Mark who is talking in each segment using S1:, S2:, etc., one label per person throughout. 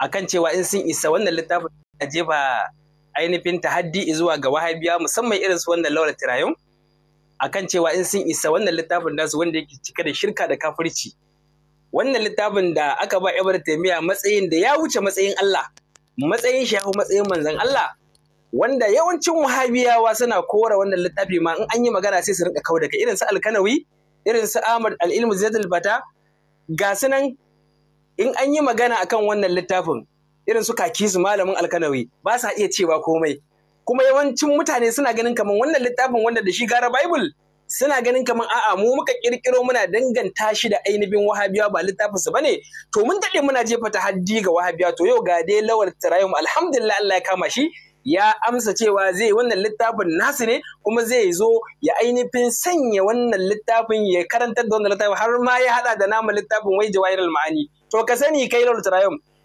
S1: akan cewa in sun isa wannan littafin a jefa ainihin tahaddi zuwa ga wahabiya musamman irin su wannan laura tirayon akan cewa in sun isa wannan littafin nasu wanda yake cike da shirka da kafirci wannan littafin da aka ba ibar taimiya matsayin da ya wuce matsayin Allah matsayin shi matsayin manzan Allah wanda yawancin wahabiyawa suna kora wannan littafi ma in an yi magana sai su rinka kawo daga irin su alkanawi irin su Ahmad al-Ilmu Zaidul Bata ga sunan in an yi magana akan wannan littafin irin su kaki su malamin alkanawi ba sa iya cewa komai kuma yawancin mutane suna ganin kamar wannan littafin wanda da shi gara bible suna ganin kamar a'a mu muka kirkiro muna danganta shi da ainihin wahabiya ba littafin su ne? to mun dade muna jefa ta haddi ga wahabiya to yau ga dai lawal tarayum alhamdulillah Allah ya kama shi ya amsa cewa zai wannan littafin nasu ne kuma zai zo ya ainihin sanya wannan littafin ya karantar da wannan littafin har ma ya hada da nama littafin wai jawahirul ma'ani to ka sani kai lord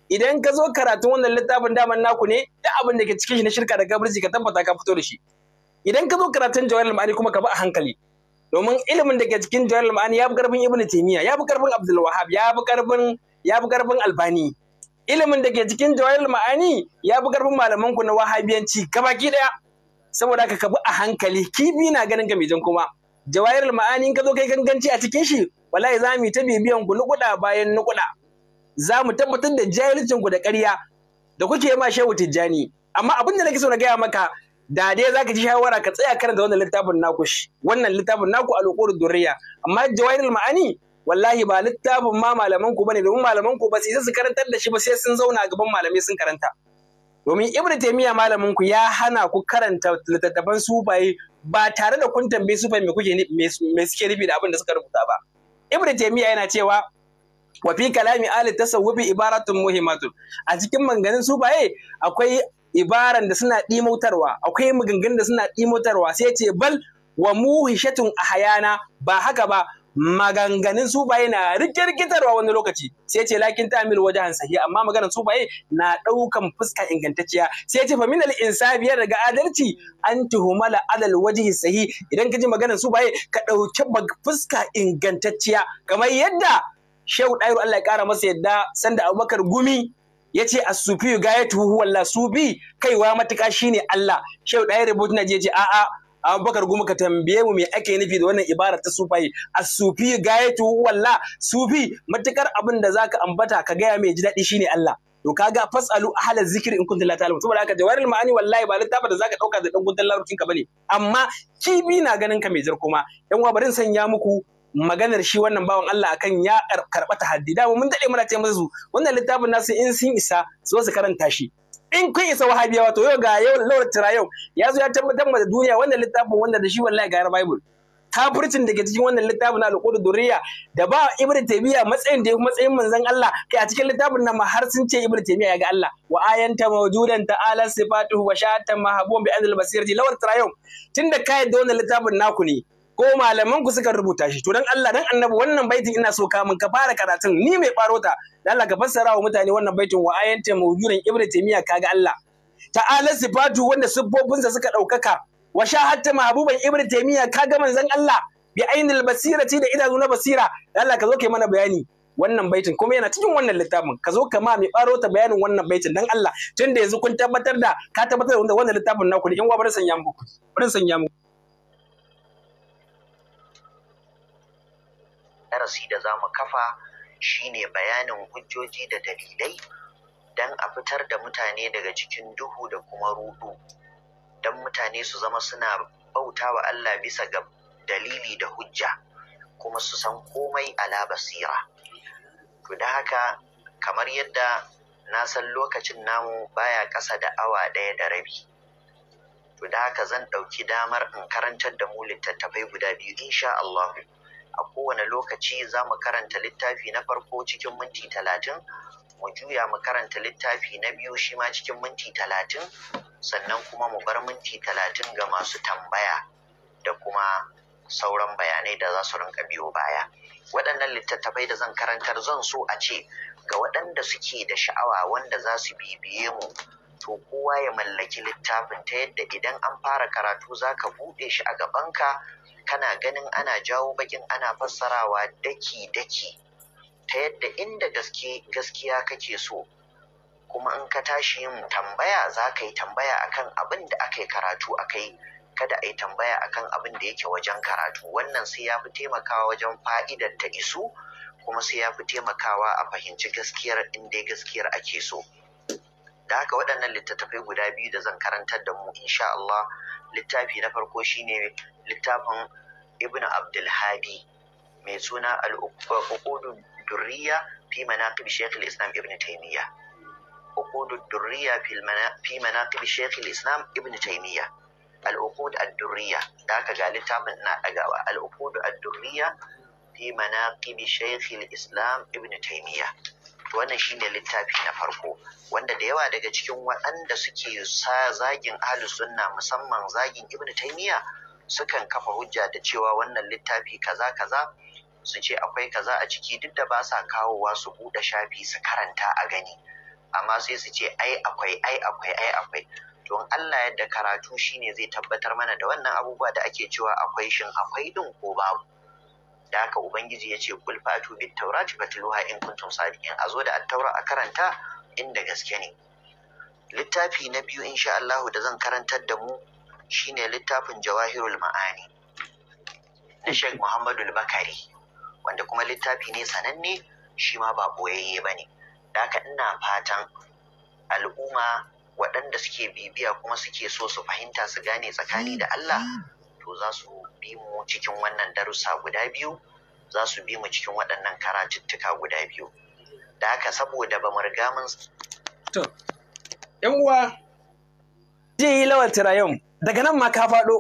S1: idan ka zo karatun wannan littafin daman naku ne da abin da ke cikin shi na shirka da gabarci ka tabbata ka fito da shi idan ka zo karatun jawahirul ma'ani kuma ka bi a hankali domin ilimin da ke cikin jawahirul ma'ani ya fi karfin ibnu taymiya ya fi karfin abdul ya fi karfin ya fi karfin albani ilimin da ke cikin jawayar ma'ani ya fi karfin malaman ku na wahabiyanci gabaki daya saboda ka bi a hankali kibi na ganin ka kuma jawayar ma'ani in ka zo kai ganganci a cikin shi wallahi za mu ta bibiyan ku nukuda bayan nukuda za mu tabbatar da jahilcin ku da ƙarya da kuke ma shehu tijjani amma abin da nake so na gaya maka da dai zaka ji shawara ka tsaya karanta wannan littafin naku wannan littafin naku al-qur'an durriya amma jawahirul ma'ani wallahi ba littafin ma malaman ku bane domin malaman ku ba sai su karantar da shi ba sai sun zauna gaban malamai sun karanta domin ibn taymiya malamin ku ya hana ku karanta littattafan sufaye ba tare da kun tambaye sufaye me kuke me suke nufi da abin da suka rubuta ba ibn taymiya yana cewa wa fi kalami ahli tasawwufi ibaratun muhimmatun a cikin manganin sufaye akwai ibaran da suna ɗimautarwa akwai maganganun da suna ɗimautarwa sai ce bal wa muhishatun ahayana ba haka ba maganganun sufaye na rikirkitarwa wani lokaci sai ce lakin tamil wajahan sahi amma maganar sufaye na daukan fuska ingantacciya sai ce fa minal insabi daga adalci an tuhumala alal wajhi sahi idan ka ji maganar sufaye ka dauki fuska ingantacciya kamar yadda Shehu Dairu Allah ya kara masa yadda sanda Abubakar Gumi yace ce as-sufi gayatuhu walla subi kaiwa matuka shine Allah Shehu Dairu butuna je ce a'a abubakar gumu ka tambaye mu me ake nufi da wannan ibara ta sufai as-sufi gayatu walla sufi matukar abin da zaka ambata ka gaya mai ji daɗi shine Allah to ga fasalu ahla zikri in kuntum la ta'lamun saboda haka jawaril ma'ani wallahi ba littafin da zaka dauka da dan guntun larabcin ka bane amma kibi na ganin ka mai jar kuma yan uwa bari sanya muku maganar shi wannan bawan Allah akan ya karɓa haddi. da mun dade muna ce su wannan littafin nasu in sun isa su karanta shi in kun isa wahabiya wato yau ga yau lawar tira yau ya zo ya tabbatar da duniya wannan littafin wanda da shi wallahi ga bible kafircin da ke cikin wannan littafin na alƙudu duriya da ba ibnu taymiya matsayin da matsayin manzon Allah kai a cikin littafin nan ma har sun ce ibnu taymiya ya ga Allah wa ayanta mawjudan ta'ala sifatuhu wa sha'atan mahbubun bi anil basirati lawar tira yau tunda kai da wannan littafin naku ne ko malaman ku suka rubuta shi to dan Allah dan annabi wannan baitin ina so ka mun ka fara karatun ni mai ta dan Allah ka fassara wa mutane wannan baitin wa ayanta mawjudan ibnu taymiya kaga Allah ta'ala sifatu wanda siffofinsa suka daukaka wa shahatta mahbuban ibnu taymiya kaga manzon Allah bi ainil basirati da idanu na basira Allah ka zo kai mana bayani wannan baitin kuma yana cikin wannan littafin ka zo ka ma mai faro ta bayanin wannan baitin dan Allah tunda yanzu kun tabbatar da ka tabbatar da wannan littafin naku ne in wa bari sanya muku bari sanya muku
S2: darasi da za mu kafa shine bayanin hujjoji da dalilai don a fitar da mutane daga cikin duhu da kuma rudu don mutane su zama suna bauta wa Allah bisa ga dalili da hujja kuma su san komai ala basira to da haka kamar yadda na san lokacin namu baya ƙasa da awa ɗaya da rabi to haka zan ɗauki damar in karantar da mu littattafai guda biyu insha Allah a kowane lokaci za mu karanta littafi na farko cikin minti talatin mu juya mu karanta littafi na biyu shi ma cikin minti talatin sannan kuma mu bar minti talatin ga masu tambaya da kuma sauran bayanai da za su rinka biyo baya waɗannan littattafai da zan karantar zan so a ce ga waɗanda suke da sha'awa wanda za su bibiye mu to kowa ya mallaki littafin ta yadda idan an fara karatu za ka buɗe shi a gabanka kana ganin ana jawo bakin ana fassarawa daki-daki ta yadda inda gaske gaskiya kake so kuma in ka tashi yin tambaya za ka yi tambaya akan abin da aka yi karatu aka yi kada a yi tambaya akan abin da yake wajen karatu wannan sai ya fi taimakawa wajen fa'idar ta isu kuma sai ya fi taimakawa a fahimci gaskiyar inda gaskiyar ake so da haka waɗannan littattafai guda biyu da zan karantar da mu insha Allah littafi na farko shine littafin ibn abdulhadi mai suna al'ukudu durriya fi manaqib shaykh islam ibn taimiyya. uqudu durriya fi manaqib shaykh islam ibn taymiya al'uqud ad-durriya da ga littafin na dagawa al'uqud ad-durriya fi manaqib shaykh islam ibn taymiya wannan shine littafi na farko wanda da yawa daga cikin waɗanda suke sa zagin ahlus sunna musamman zagin ibn taymiya sukan kafa hujja da cewa wannan littafi kaza kaza su ce akwai kaza a ciki duk da ba sa kawowa su buɗe shafi su karanta a gani amma sai su ce ai akwai ai akwai ai akwai to in Allah yadda karatu shine zai tabbatar mana da wannan abubuwa da ake cewa akwai shin akwai din ko babu da haka ubangiji ya ce kul fatu bit taurati fatluha in kuntum sadiqin a zo da attaura a karanta inda gaske ne littafi na biyu insha Allah da zan karantar da mu shine littafin jawahirul ma'ani na Sheikh Muhammadu Bakari wanda kuma littafi ne sananne shi ma ba boyayye ba ne da haka ina fatan al'umma waɗanda suke bibiya kuma suke so su fahimta su gane tsakani da Allah to za su bi mu cikin wannan darussa guda biyu za su bi mu cikin waɗannan karatuttuka guda biyu da haka saboda ba riga mun
S1: to yan uwa ji lawal daga nan ma ka faɗo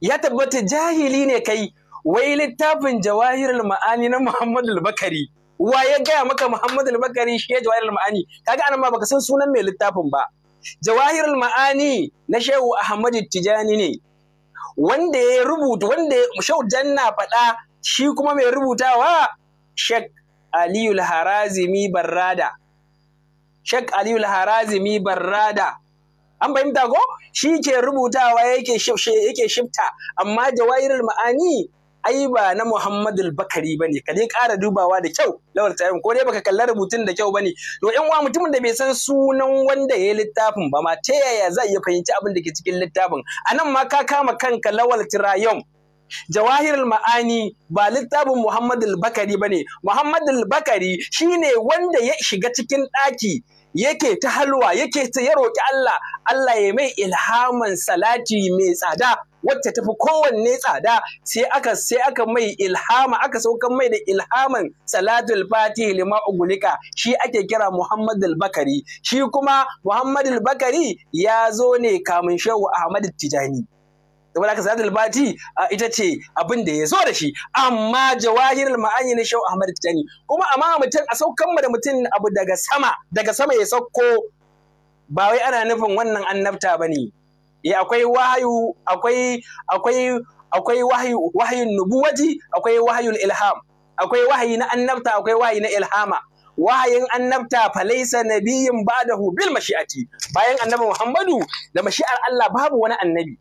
S1: ya tabbata jahili ne kai wai littafin jawahir ma'ani na Muhammadu bakari wa ya gaya maka Muhammadu bakari shi ya jawahir ma'ani kaga anan ma baka san sunan mai littafin ba jawahir ma'ani na shehu ahmadu tijani ne wanda ya rubuta wanda shehu janna faɗa shi kuma mai rubutawa shek aliyu harazimi barrada shek aliyu harazimi barrada an fahimta ko shi ke rubutawa yake yake shifta amma jawairul ma'ani ai ba na Muhammadu Bakari bane ka dai ƙara dubawa da kyau lawal tayin ko dai baka kalla rubutun da kyau bane to in wa mutumin da bai san sunan wanda ya littafin ba ma ta yaya za iya fahimci abin da ke cikin littafin anan ma ka kama kanka lawal tirayom Jawahirin ma'ani ba littafin Muhammadu Bakari bane Muhammadu Bakari shine wanda ya shiga cikin ɗaki yake ta halwa yake ta ya roƙi Allah Allah ya mai ilhaman salati mai tsada wacce tafi kowanne tsada sai aka sai aka mai ilhama aka saukan mai da ilhaman salatul fatih lima ugulika shi ake kira Muhammadul Bakari shi kuma Muhammadul Bakari ya zo ne kamun Shehu Ahmadu Tijani saboda haka sadatul bati ita ce abin da ya zo da shi amma jawahirul ma'ani na shau ahmad tijani kuma amma mutum a saukan mu da mutum abu daga sama daga sama ya sauko ba wai ana nufin wannan annabta bane eh akwai wahayu akwai akwai akwai wahayu wahayun nubuwati akwai wahayul ilham akwai wahayi na annabta akwai wahayi na ilhama wahayin annabta laysa nabiyin ba'dahu bil mashi'ati bayan annabi Muhammadu da mashi'ar Allah babu wani annabi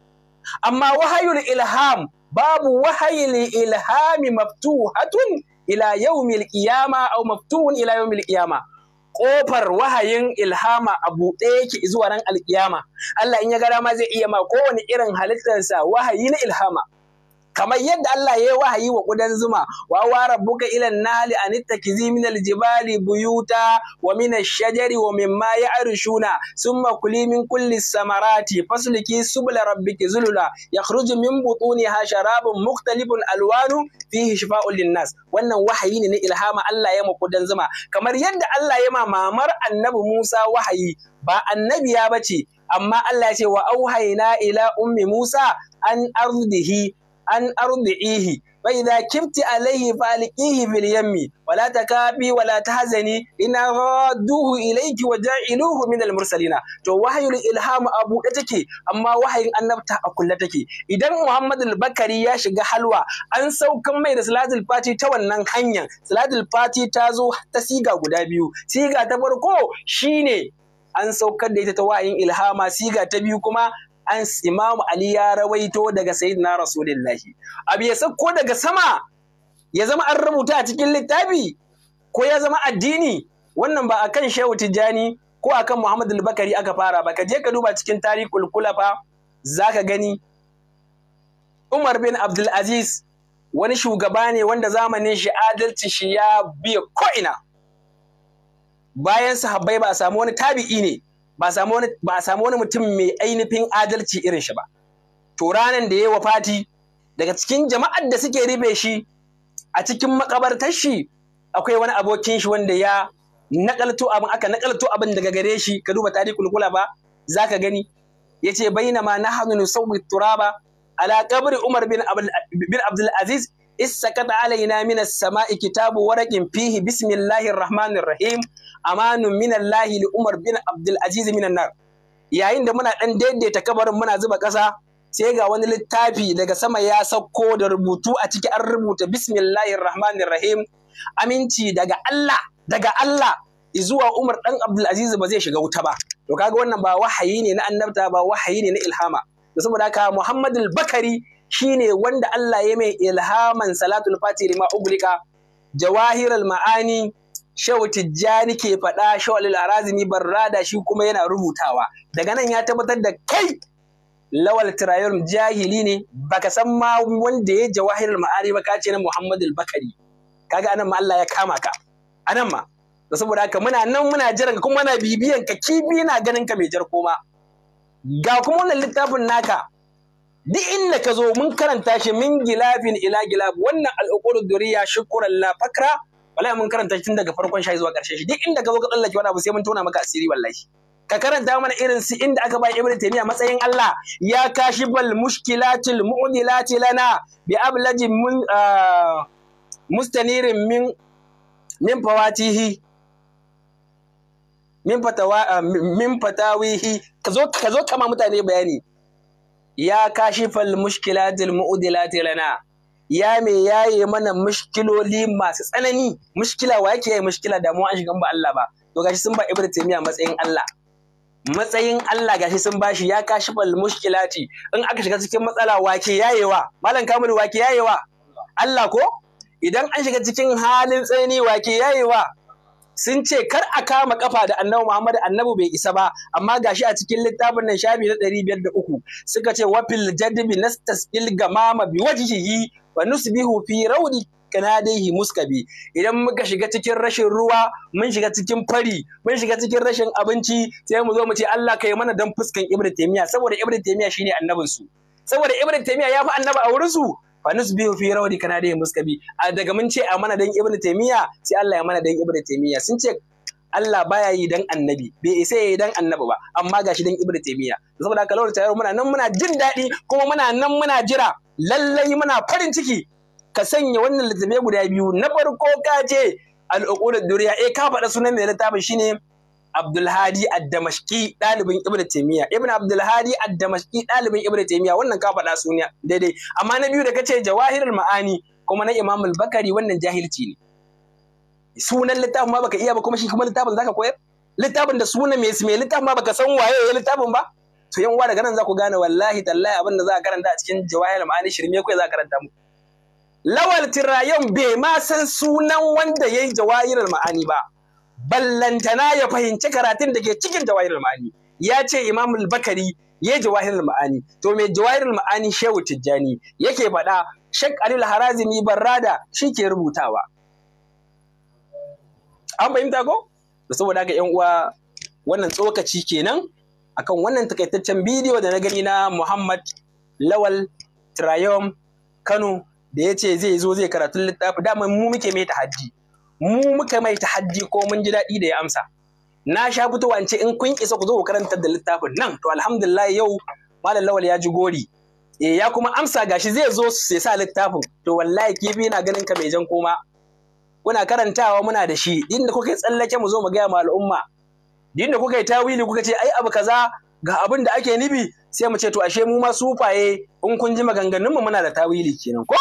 S1: amma wahayul ilham babu wahayul ilhami maftuhatun ila yaumil qiyama aw maftuhun ila yaumil qiyama kofar wahayin ilhama a buɗe yake zuwa ran alƙiyama Allah in ya ga dama zai iya ma kowane irin halittarsa wahayi na ilhama kamar yadda Allah ya yi wahayi wa ƙudan zuma wa wa rabbuka ilan nali an ittakizi min aljibali buyuta wa min shajari wa mimma ya'rishuna summa kuli min kulli samarati Fasluki, subula rabbiki zulula yakhruju min ha sharabun mukhtalifun alwanu fihi shifa'un linnas wannan wahayi ne na ilhama Allah ya ma ƙudan zuma kamar yadda Allah ya ma mamar annabi Musa wahayi ba annabiya bace amma Allah ya ce wa auhayna ila ummi Musa an ardihi an ardihi Ba idza kifti alayhi faliqihi fil yammi wa la takafi wala ta hazani. ina radduhu ilayki wa ja'iluhu min al mursalina to wahayin ilham abu buɗe take amma wahayin annabta a kulle take idan Muhammadu al bakari ya shiga halwa an saukan mai da salatul fati ta wannan hanyar salatul fati ta zo ta siga guda biyu siga ta farko shine an saukar da ita ta wa'in ilhama siga ta biyu kuma an Imam Ali ya rawaito daga Sayyidina Rasulullahi abu ya sako daga sama ya zama an rubuta a cikin littafi ko ya zama addini wannan ba akan Shehu Tijjani ko akan Muhammad al-Bakari aka fara ba ka je ka duba cikin tarihul kulafa zaka gani Umar bin Abdul Aziz wani shugaba ne wanda zamanin shi adalci shi ya biya ko'ina bayan sahabbai ba a samu wani tabi'i ne ba a samu wani mutum mai ainihin adalci irin shi ba to ranan da ya wa fati daga cikin jama'ar da suke ribe shi a cikin makabartar shi akwai wani abokin shi wanda ya nakalto abin aka nakalto abin daga gare shi ka duba tarihi kula ba za ka gani Ya ce yace bainama nahnu nusawwi turaba ala qabri umar bin abdul aziz Issakata alaina minas sama'i kitabu waraƙin fihi bismillahir rahmanir rahim manun minan li Umar bin Abdul Aziz minan nar. Yayin da muna ɗan daidaita kabarin muna zuba ƙasa sai ga wani littafi daga sama ya sauko da rubutu a ciki an rubuta bismillahir rahmanir rahim aminci daga Allah daga Allah zuwa Umar dan Abdul Aziz ba zai shiga wuta ba. To kaga wannan ba wahayi ne na annabta ba wahayi ne na ilhama. Da saboda haka Muhammadul Bakari Shi ne wanda Allah ya mai ilhaman salatul fati lima uglika jawahiral ma'ani Shehu Tijjani ke faɗa Shehu Al-Arazimi Barrada shi kuma yana rubutawa. Daga nan ya tabbatar da kai Lawal Tirayon jahili ne baka san ma wanda ya jawahirul ma'ari ba ka ce na Muhammadu Bakari. Kaga anan ma Allah ya kama ka. Anan ma. saboda haka muna nan muna jiran kuma muna bibiyan ka kibi na ganin ka mai jar koma. Ga kuma wannan littafin naka duk inda ka zo mun karanta shi min gilafin ila gilab wannan al'uqul duriya shukran la fakra wallahi mun karanta shi tun daga farkon shi zuwa karshen shi duk inda ka zo ka tsallake wani abu sai mun tona maka asiri wallahi ka karanta mana irin su inda aka bai ibnu taymiya matsayin Allah ya kashi bal mushkilatil mu'dilati lana bi ablaji mun ah, mustanirin min min fawatihi min fatawa ah, min fatawihi ka zo ka zo kama mutane bayani ya kashi fal mushkilatil mu'dilati lana ya me yaye mana mushkiloli masu tsanani mushkila wa yake yaye mushkila da mu an shigan ba Allah ba to gashi sun ba ibnu taymiya matsayin Allah matsayin Allah gashi sun ba shi ya kashi fal mushkilati in aka shiga cikin matsala wa wake yayewa malam kamil wake yayewa Allah ko idan an shiga cikin halin tsani wake yayewa sun ce kar a kama kafa da annabi Muhammad annabi bai isa ba amma gashi a cikin littafin nan shafi na 503 suka ce wafil jadbi nastasil gamama bi wajhihi wa nusbihu fi raudi kanadaihi muskabi idan muka shiga cikin rashin ruwa mun shiga cikin fari mun shiga cikin rashin abinci sai mu zo mu ce Allah kai mana dan fuskan Ibn Taymiyyah saboda Ibn shine annabin su saboda Ibn Taymiyyah ya fi annabi a wurin su fa biyu fi rawadi kana da muskabi a daga mun ce a mana dan ibnu taymiya sai Allah ya mana dan ibnu taymiya sun ce Allah baya yi dan annabi bai isa yi dan annabi ba amma gashi dan ibnu taymiya saboda haka lawar tayar muna nan muna jin daɗi kuma muna nan muna jira lallai muna farin ciki ka sanya wannan littafai guda biyu na farko ka ce al'uqulud duriya eh ka faɗa sunan mai littafin shine Abdulhadi Ad-Damashqi ɗalibin Ibn Taymiyya Ibn Abdulhadi Ad-Damashqi ɗalibin Ibn Taymiyya wannan ka faɗa suniya daidai amma na biyu da kace Jawahirul Ma'ani kuma na Imam Al-Bakari wannan jahilci ne sunan littafin ma baka iya ba kuma shi kuma littafin zaka koyar littafin da sunan mai mai littafin ma baka san waye ya littafin ba to yan uwa daga nan za ku gane wallahi tallahi abin da za ka karanta a cikin Jawahirul Ma'ani shirme kai za ka karanta mu Lawal Tirayon bai ma san sunan wanda ya yi Jawahirul Ma'ani ba. ballantana ya fahimci karatun da ke cikin jawahirul ma'ani ya ce imamul bakari ya jawahirul ma'ani to me jawahirul ma'ani shehu tijjani yake faɗa shek alil harazimi barrada shi ke rubutawa an fahimta ko da saboda ga yan uwa wannan tsokaci kenan akan wannan takaitaccen bidiyo da na gani na muhammad lawal trayom kano da ya ce zai zo zai karatu littafi dama mu muke mai ta hajji mu muka mai haddi ko mun ji daɗi da ya amsa na sha fitowa in in kun isa ku zo ku karanta da littafin nan to alhamdulillah yau malam lawal ya ji gori e ya kuma amsa gashi zai zo su sa littafin to wallahi kifi na ganin ka mai jan koma kuna karantawa muna da shi inda kuka yi tsallake mu zo mu gaya ma al'umma inda kuka yi tawili kuka ce ai abu kaza ga abin da ake nibi sai mu ce to ashe mu ma sufaye in kun ji maganganunmu muna da tawili kenan ko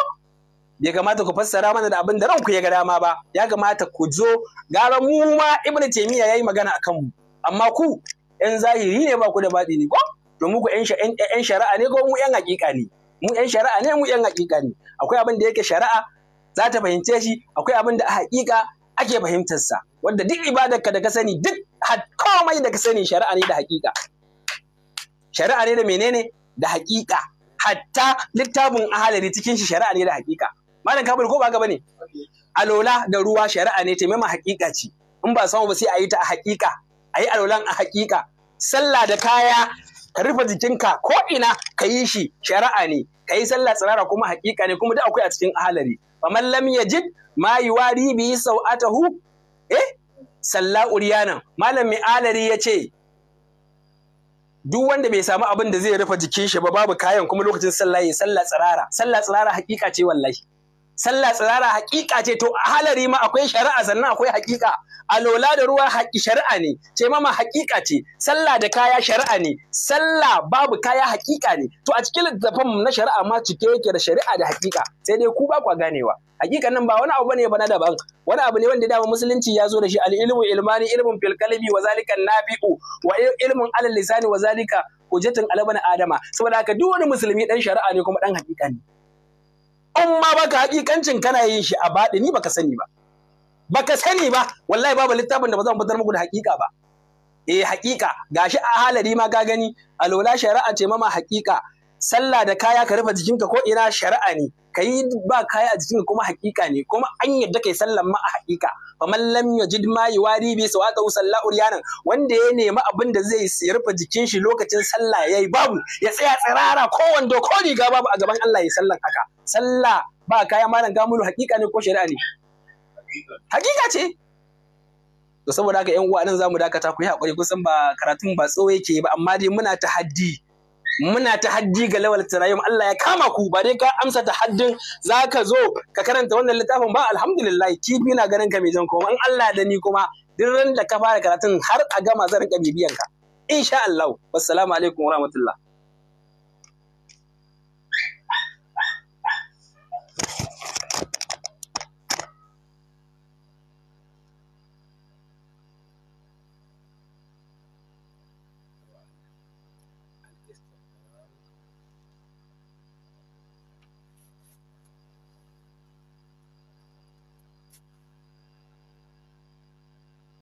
S1: bai kamata ku fassara mana da abin da ranku ya ga dama ba ya kamata ku zo gara mu ma ibnu taymiya yayi magana akan mu amma ku yan zahiri ne ba ku da baɗi ne ko domin ku yan shari'a ne ko mu yan hakika ne mu yan shari'a ne mu yan hakika ne akwai abin da yake shari'a za ta fahimce shi akwai abin da a hakika ake sa wanda duk ibadarka da ka sani duk komai da ka sani shari'a ne da hakika shari'a ne da menene da hakika hatta littafin ahalari cikin shi shari'a ne da hakika malam kabir ko ba ga bane alola da ruwa shari'a ne taimama hakika ce in ba samu ba sai a yi ta a hakika a yi alolan a hakika sallah da kaya ka rufe jikinka ko ina ka yi shi shari'a ne ka yi sallah tsirara kuma hakika ne kuma da akwai a cikin ahalari faman lam yajid ma yuwari bi sau'atahu eh sallah uriyana malam mai alari ya ce duk wanda bai samu abin da zai rufe jikin shi ba babu kayan kuma lokacin sallah ya sallah tsirara sallah tsirara hakika ce wallahi sallah tsirara haƙiƙa ce to halari ma akwai shari'a sannan akwai haƙiƙa alola da ruwa haƙi shari'a ne ce mama haƙiƙa ce sallah da kaya shari'a ne sallah babu kaya haƙiƙa ne to a cikin littafin na shari'a ma cike yake da shari'a da haƙiƙa sai dai ku ba kwa ganewa haƙiƙan nan ba wani abu bane bana daban wani abu ne wanda dama musulunci ya zo da shi al ilmu ilmani ilmun fil qalbi wa zalika nafi'u wa ilmun alal lisani wa zalika hujjatun alabana adama saboda haka duk wani musulmi dan shari'a ne kuma dan haƙiƙa ne in ma baka hakikancin kana yin shi a baɗi ni baka sani ba baka sani ba wallahi babu littafin da ba zan fitar muku da hakika ba eh hakika gashi a halari ma ka gani alola shari'a ce mama hakika sallah da kaya ka rufe jikinka ko ina shari'a ne ka yi ba kaya a jikinka kuma hakika ne kuma an yadda kai sallan ma a hakika fa man lam yajid ma yuwari bi sawata salla uryanan wanda ya nemi abin da zai rufe jikin shi lokacin sallah yayi babu ya tsaya tsirara ko wando ko riga babu a gaban Allah ya sallan haka sallah ba kaya malam gamulu hakika ne ko shari'a ne hakika ce to saboda haka yan uwa nan zamu dakata ku yi hakuri kusan ba karatun ba tsawo yake ba amma dai muna tahaddi muna ta haddi ga lawal tarayyum Allah ya kama ku ba dai ka amsa ta haddin zaka zo ka karanta wannan littafin ba alhamdulillah kifi na ganin ka mai jan kuma in Allah da ni kuma duk ran da ka fara karatun har a gama zan rinka bibiyan ka insha Allah wassalamu alaikum warahmatullahi